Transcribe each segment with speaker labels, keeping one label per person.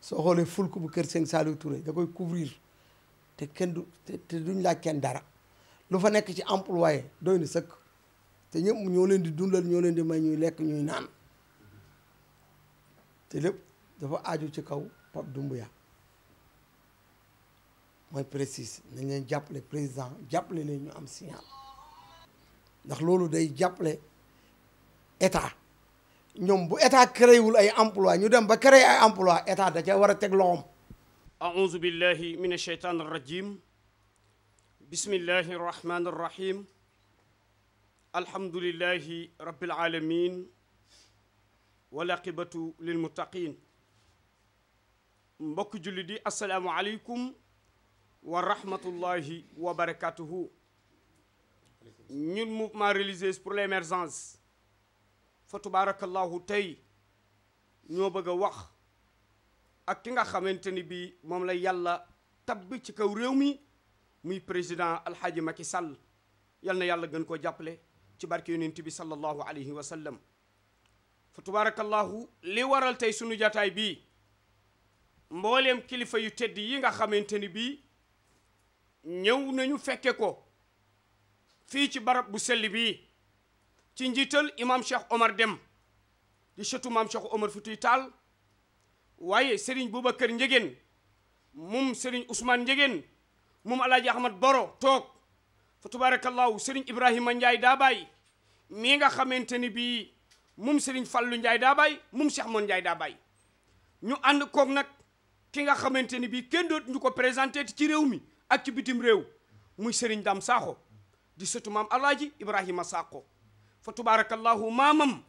Speaker 1: soo xoolee fulk bu kër sëñ Saliou Touré da koy couvrir te kenn du te duñ laaj kenn dara lu fa nekk ci employé doy na sëkk te ñëpp ñoo leen di dundal ñoo leen di may ñuy lekk ñuy naan te lépp dafa aaju ci kaw Pape Doumbouya mooy précise nañ leen jàppale président jàppale leen ñu am signal ndax loolu day jàppale état ñoom bu état créé wul ay emploi ñu dem ba créé ay emploi état da ca war a teg loxoom
Speaker 2: أعوذ بالله من الشيطان الرجيم بسم الله الرحمن الرحيم الحمد لله رب العالمين والعاقبة للمتقين mbokk julli di asalaamu aleykum wa rahmatullahi wa barakatuhu ñun mouvement religieux pour l'émergence فتبارك الله tey ñoo bëgg a wax ak ki nga xamante ni bii la yàlla tabbi ci kaw réew mi muy président alhaji Macky Sall yal na yàlla gën koo jàppale ci barke yonent bi sallallahu alayhi wa sallam fa tubaarakallahu li waral tey sunu jataay bii mbooleem kilifa yu tedd yi nga xamante ni ñëw nañu fekke ko fii ci barab bu sell bii ci njiital imam Cheikh Omar Dem di sëtu maam Cheikh Omar Futuy Taal waaye Serigne Boubacar Njegéen moom Serigne Ousmane Njegéen moom Alaaji Ahmad Boro toog fa tabarakallahu Serigne Ibrahima Ndiaye Daabaay mii nga xamante ni bii moom Serigne Fallou Ndiaye Daabaay moom Cheikh Moon Ndiaye Daabaay ñu ànd koog nag ki nga xamante ni bii kenn dootu ñu ko présenté ci réew mi ak ci bitim réew muy Serigne Dam Sakho di sëtu maam Alaaji Ibrahima saako فتبارك الله مامم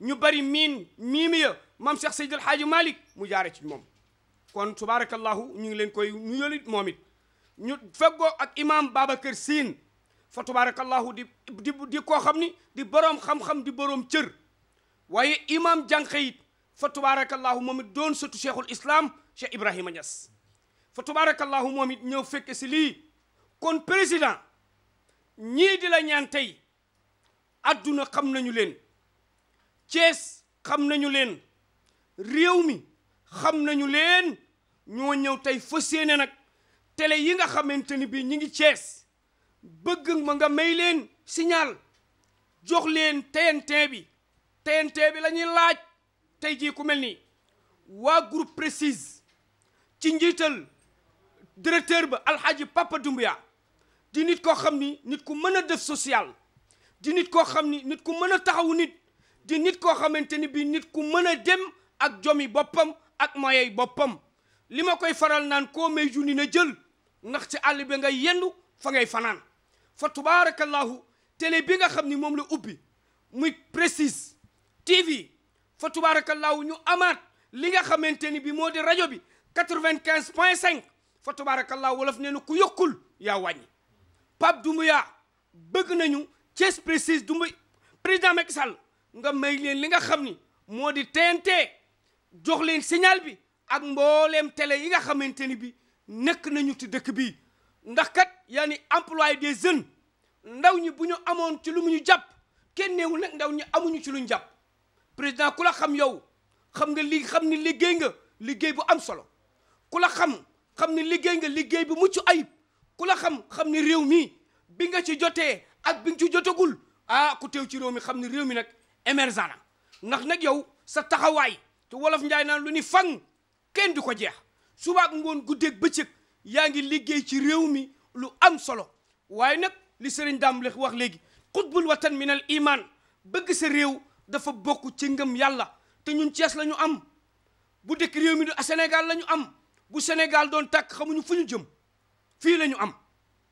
Speaker 2: نبري مين ميميا مام شيخ سيد الحاج مالك مجارك مام كون تبارك الله نيلن كوي نيوليت مامي نفقو اك امام بابا كرسين فتبارك الله دي دي كو خامني دي بروم خام خام دي بروم تير واي امام جانخيت فتبارك الله مامي دون سوتو شيخ الاسلام شيخ ابراهيم نياس فتبارك الله مامي نيو فك سي لي كون بريزيدان ني دي لا نيان تاي àdduna xam nañu leen Cees xam nañu leen réew mi xam nañu leen ñoo ñëw tey fas yéene nag tele yi nga xamante ni bii ñi ngi Cees bëgg ma nga may leen signal jox leen TNT bi TNT bi lañuy laaj tey jii ku mel ni waa groupe précise ci njiital directeur ba alxaaji Papa Doumbia di nit koo xam ni nit ku mën a def social di nit koo xam ni nit ku mën a taxawu nit di nit koo xamante ni bii nit ku mën a dem ak jomi boppam ak moyey boppam li ma koy faral naan ko may junni na jël ndax ci àll bi ngay yendu fa ngay fanaan fa tubaarakallaahu télé bi nga xam ni moom la ubbi muy Prestige TV fa tubaarakallaahu ñu amaat li nga xamante ni bi moo di rajo bi quatre point cinq fa tubaarakallaahu wolof ne na ku yokkul yaa wàññi Pape Doumbouya bëgg nañu Thiès Prestige du muy président Macky Sall nga may leen li nga xam ni moo di TNT jox signal bi ak mbooleem tele yi nga xamante ni bi nekk nañu ci dëkk bi ndax kat yaa ni employé des jeunes ndaw ñi bu ñu amoon ci lu ñu jàpp kenn neewul nag ndaw ñi amuñu ci lu ñu jàpp président ku la xam yow xam nga li xam ni liggéey nga liggéey bu am solo ku la xam xam ni liggéey nga liggéey bu mucc ayib ku la xam xam ni réew mi bi nga ci jotee ak bi nga ci jotagul ah ku teew ci réew mi xam ne réew mi nag émergent na ndax nag yow sa taxawaay te wolof njaay naan lu ni fang kenn di ko jeex subaak ngoon guddeeg bëccëg yaa ngi liggéey ci réew mi lu am solo waaye nag li sëriñ daam la wax léegi xutbul watan min al iman bëgg sa réew dafa bokk ci ngëm yàlla te ñun Cees lañu am bu dëkk réew mi du Sénégal la ñu am bu senegal doon takk xamuñu fu ñu jëm fii lañu am am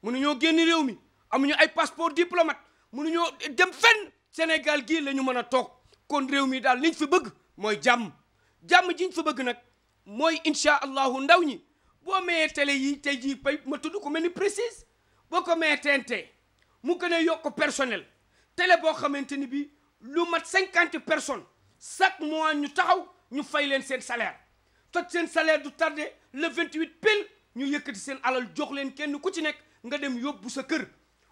Speaker 2: mënuñoo génn réew mi amuñu ay passeport diplomate mënuñoo dem fenn Sénégal gi la ñu mën a toog kon réew mi daal liñ fi bëgg mooy jàmm jàmm jiñ fa bëgg nag mooy incha allahu ndaw ñi boo mayee tele yi tey jii pay ma tudd ko mel ni précise boo ko mayee TNT mu gën a yokk personnel télé boo xamante ni bi lu mat cinquante personnes chaque mois ñu taxaw ñu fay leen seen salaire toj seen salaire du tardé le vingt-huit pile ñu yëkkati seen alal jox leen kenn ku ci nekk nga dem yóbbu sa kër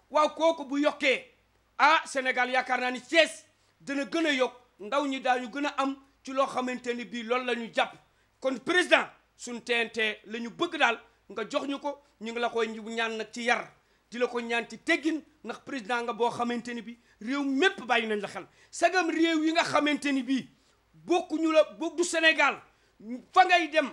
Speaker 2: waaw kooku bu yokkee ah Sénégal yaakaar naa ni Thiès dana gën a yokk ndaw ñi daañu gën a am ci loo xamante ni bii loolu la ñu jàpp kon président suñ TNT la ñu bëgg daal nga jox ñu ko ñu ngi la koy ñaan nag ci yar di la ko ñaan ci teggin ndax président nga boo xamante ni bii réew mépp bàyyi nañ la xel sagam réew yi nga xamante ni bii bokkuñu la bokk du Sénégal fa ngay dem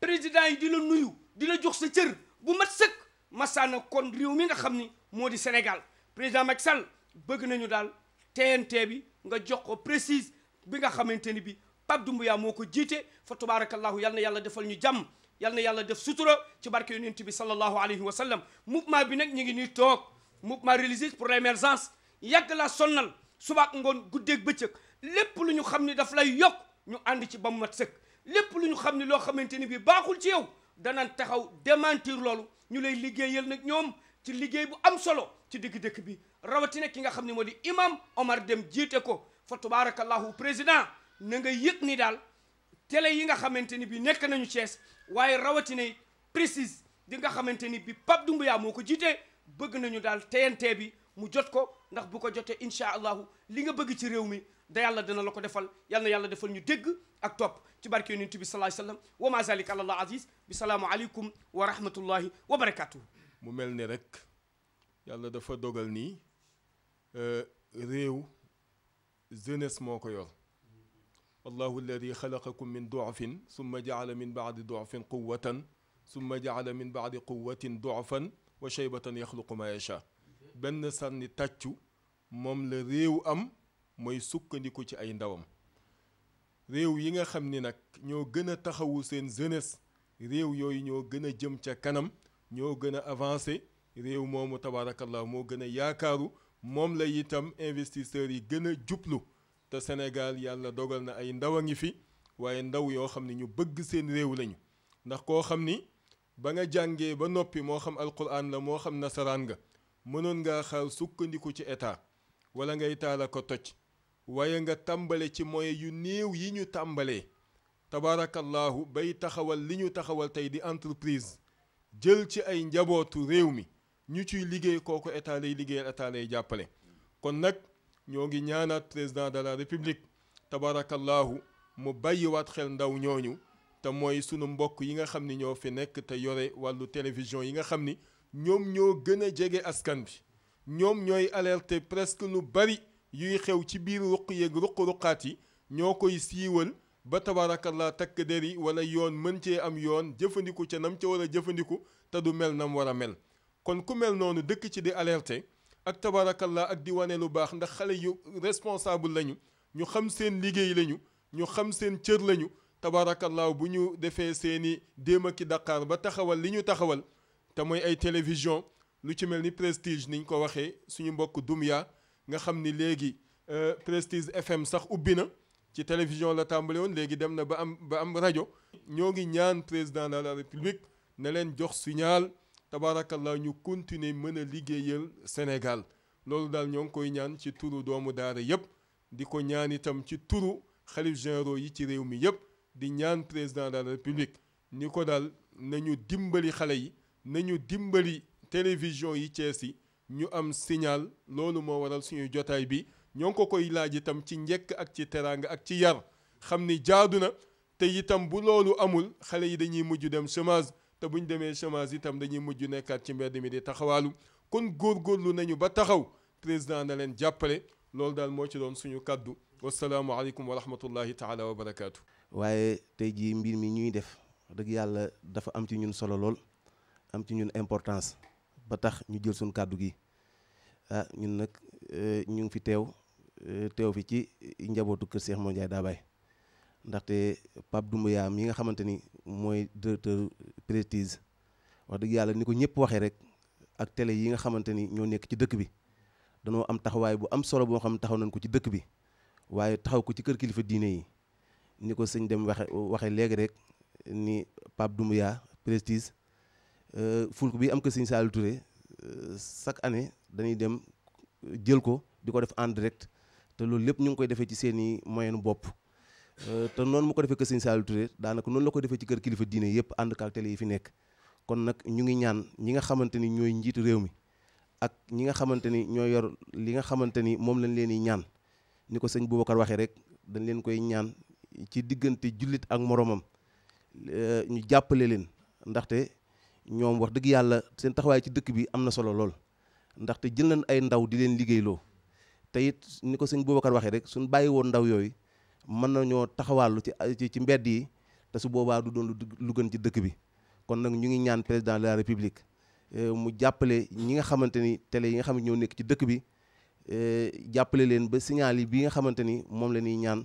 Speaker 2: président yi di la nuyu di la jox sa cër bu mat sëkk masaana kon réew mi nga xam ni moo di Sénégal président Macky Sall bëgg nañu daal TNT bi nga jox ko précise bi nga xamante ni bi Pape Doumbouya moo ko jiite fa tabarakallahu yal na yàlla defal ñu jàmm yal na yàlla def sutura ci barke yonent bi sallallahu alayhi wa sallam mouvement bi nag ñu ngi ñuy toog ma religieux pour l'émergence yàgg laa sonnal subaak ngoon guddeeg bëccëg lépp lu ñu xam ni daf lay yokk ñu ànd ci ba mu mat sëkk lépp lu ñu xam ni loo xamante ni bi baaxul ci yow danaan taxaw démentir loolu ñu lay liggéeyal nag ñoom ci liggéey bu am solo ci digg dëkk bi rawatina ki nga xam ne imam Omar dem jiite ko fa tubaarakallahu président na nga yëg ni daal télé yi nga xamante ni bi nekk nañu Thiès waaye rawatina précise di nga xamante ni bi Pape Doumbouya moo ko jiite bëgg nañu daal TNT bi mu jot ko ndax bu ko jotee incha allahu li nga bëgg ci réew mi da yàlla dina la ko defal yal yàlla defal ñu dégg ak topp ci barke yonent bi sallallahu alayhi wa wa ma zalika allah aziz bi salaamu aleykum wa rahmatullahi
Speaker 3: wa barakatuhu mu mel ne rek yàlla dafa dogal nii الله الذي خلقكم من ضعف ثم جعل من بعد ضعف قوة ثم جعل من بعد قوة ضعفا وشيبة يخلق ما يشاء بن سن تاتشو موم لا ريو ام موي سوكانديكو تي اي نداوم ريو ييغا خامني نك نيو غنا تاخاو سين زينس ريو يوي نيو غنا جيم تا كانام ñoo gën a avancé réew moomu tabaarakallah moo gën a yaakaaru moom la itam investisseurs yi gën a jublu te Sénégal yàlla dogal na ay ndaw a ngi fi waaye ndaw yoo xam ne ñu bëgg seen réew lañu ndax koo xam ni ba nga jàngee ba noppi moo xam alquran la moo xam nasaraan nga mënoon ngaa xaar sukkandiku ci état wala ngay taala ko toj waaye nga tàmbale ci moyens yu néew yi ñu tàmbalee tabaarakallahu bay taxawal li ñu taxawal tey di entreprise jël ci ay njabootu réew mi ñu ciy liggéey kooku état lay liggéeyal état lay jàppale kon nag ñoo ngi ñaanaat président de la république tabarakallahu mu bàyyiwaat xel ndaw ñooñu te mooy sunu mbokk yi nga xam ni ñoo fi nekk te yore wàllu télévision yi nga xam ni ñoom ñoo gën a jege askan bi ñoom ñooy alerter presque lu bari yuy xew ci biir ruq yeeg ruq-ruqaat yi ñoo koy siiwal ba tabaarakallah takk der yi wala yoon mën cee am yoon jëfandiku ca nam ca war a jëfandiku te du mel nam war a mel kon ku mel noonu dëkk ci di alerter ak tabaarakallah ak di wane lu baax ndax xale yu responsable lañu ñu xam seen liggéey lañu ñu xam seen cër lañu tabaarakallah bu ñu defee seeni déem a ki Dakar ba taxawal li ñu taxawal te mooy ay télévision lu ci mel ni prestige niñ ko waxee suñu mbokk Dumya nga xam ni léegi euh, prestige FM sax ubbi na. ci télévision la tàmbale woon léegi dem na ba am ba am rajo ñoo ngi ñaan président de la république ne leen jox signal tabaarakallah ñu continuer mën a liggéeyal Sénégal loolu daal ñoo ngi koy ñaan ci turu doomu daara yëpp di ko ñaan itam ci turu xalif généraux yi ci réew mi yëpp di ñaan président de la république ni ko daal nañu dimbali xale yi nañu dimbali télévision yi Cees yi ñu am signal loolu moo waral suñu jotaay bi ñoo ko koy laaj itam ci njëkk ak ci teraang ak ci yar xam ni jaadu na te itam bu loolu amul xale yi dañuy mujj dem chômage te buñ demee chômage itam dañuy mujj nekkaat ci mbedd mi di taxawaalu kon góorgóorlu nañu ba taxaw président na leen jàppale loolu daal moo ci doon suñu kàddu wasalaamualeykum wa rahmatullahi taala wa barakaatu.
Speaker 4: waaye tey jii mbir mi ñuy def dëgg yàlla dafa am ci ñun solo lool am ci ñun importance ba tax ñu jël suñ kàddu gi ah ñun nag eh, ñu ngi fi teew. Euh, teew fi ci njabootu kër Cheikh Mor Ndiaye daa bay ndaxte Pape Doumbouya mi nga xamante ni mooy directeur Prestige wax dëgg yàlla ni ko ñëpp waxee rek ak télé yi nga xamante ni ñoo nekk ci dëkk bi danoo am taxawaay bu am solo boo xam taxaw nañ ko ci dëkk bi waaye taxaw ko ci kër kilifa diine yi ni ko sëñ dem waxe waxee léegi rek ni Pape Doumbouya Prestige euh, fulk bi am ko sëñ Saliou Touré euh, chaque année dañuy dem jël ko di ko def en te loolu lépp ñu ngi koy defee ci seen i moyenu bopp euh, te noonu mu ko defee kër Serigne Saliou Touré daanaka noonu la ko defee ci kër kilifa diine yëpp ànd ak télé yi fi nekk kon nag ñu ngi ñaan ñi nga xamante ni ñooy njiitu réew mi ak ñi nga xamante ni ñoo yor li nga xamante ni moom lañ leen di ñaan ni ko sëñ Boubacar waxee rek dañ leen koy ñaan ci diggante jullit ak moromam euh, ñu jàppale leen ndaxte ñoom wax dëgg yàlla seen taxawaay ci dëkk bi am na solo lool ndaxte jël nañ ay ndaw di leen liggéeyloo te it ni ko sëñ Boubacar waxe rek sun bàyyi won ndaw yoy man nañu taxawaalu ci ci mbedd yi te su boba du doon lu gën ci dëkk bi kon nak ñu ngi ñaan président de la république eh, mu jàppale ñi nga xamanteni télé yi nga xamni ñoo nekk ci dëkk bi eh, jàppale leen ba signal yi bi nga xamanteni mom la ni ñaan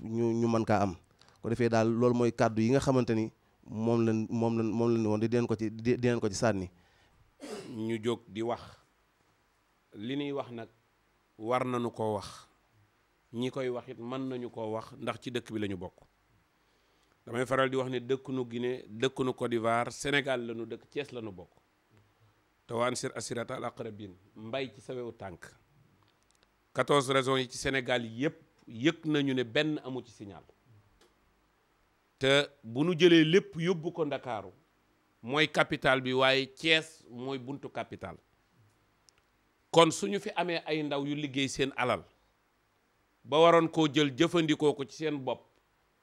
Speaker 4: ñu ñu man ka am ko defé dal lool moy cadeau yi nga xamanteni mom la mom la mom la lañ woon di den ko ci di den ko ci sanni
Speaker 5: ñu jog di wax li ni wax nak war nañu ko wax ñi koy waxit it mën nañu ko wax ndax ci dëkk bi lañu bokk damay faral di wax ne dëkk nu Guinée dëkk nu Côte d'Ivoire Sénégal lañu dëkk Thiès lañu bokk te waan sir al aqrabin mbay ci sawewu tànk 14 régions yi ci Sénégal yépp yëg nañu ne benn amu ci signal te bu nu jëlee lépp yóbbu ko ndakaaru mooy capital bi waaye Thiès mooy buntu capital kon suñu fi amee ay ndaw yu liggéey seen alal ba waroon koo jël jëfandikoo ko ci seen bopp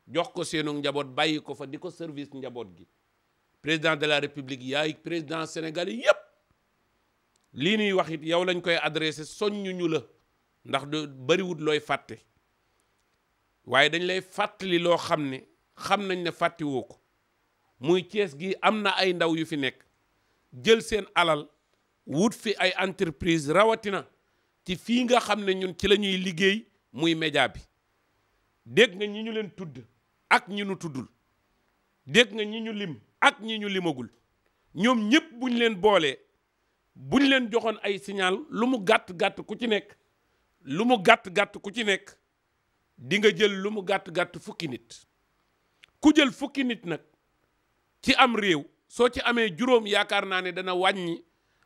Speaker 5: jox ko seenu njaboot ko fa ko service njaboot gi président de la république yaay président yep. yépp lii nuy wax it yow lañ koy adressé soññu ñu la ndax du bariwut looy fàtte waaye dañ lay fàttali loo xam ne xam nañ ne fàttiwoo ko muy Cees gi am ay ndaw yu fi jël seen alal wut fi ay entreprise rawatina ci fii nga xam ne ñun ci lañuy liggéey muy média bi dégg nga ñi ñu leen tudd ak ñi ñu tuddul dégg nga ñi ñu lim ak ñi ñu limagul ñoom ñëpp buñ leen boolee buñ leen joxoon ay signal lu mu gàtt-gàtt ku ci nekk lu mu gàtt-gàtt ku ci nekk di nga jël lu mu gàtt-gàtt fukki nit ku jël fukki nit nag ci am réew soo ci amee juróom yaakaar naa ne dana wàññi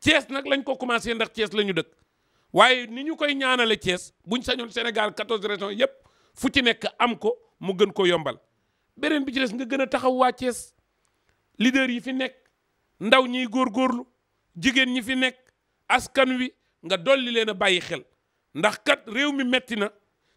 Speaker 5: Thiès nag lañ ko commencé ndax cees la ñu dëkk waaye ni ñu koy ñaanale Thiès buñ sañoon Sénégal 14 régions yépp fu ci nekk am ko mu gën ko yombal beneen bi ci nga gën a taxaw waa Thiès leader yi fi nekk ndaw ñiy góorgóorlu jigéen ñi fi nekk askan wi nga dolli leen a bàyyi xel ndax kat réew mi metti na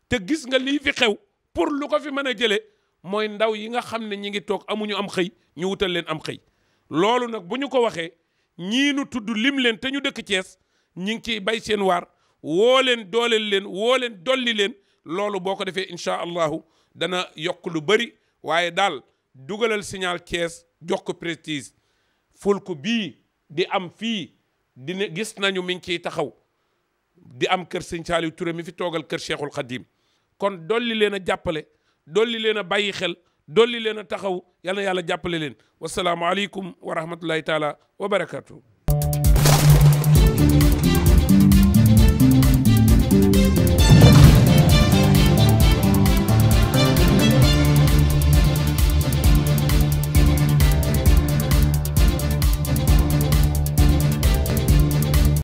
Speaker 5: te gis nga lii fi xew pour lu ko fi mën a jëlee mooy ndaw yi nga xam ne ñi ngi toog amuñu am xëy ñu wutal leen am xëy loolu nag bu ñu ko waxee ñii nu tudd lim leen te ñu dëkk Cees ñi ngi ciy bay seen waar woo leen dooleel leen woo leen dolli leen loolu boo ko defee incha allahu dana yokk lu bari waaye daal dugalal signal Cees jox ko prestige fulku bii di am fii dina gis nañu mi ngi ciy taxaw di am kër sëñ Saliou Touré mi fi toogal kër Cheikhul Khadim kon dolli leen a jàppale dolli leen a bàyyi xel دولي لنا تخو يلا يلا جابل والسلام عليكم ورحمة الله تعالى وبركاته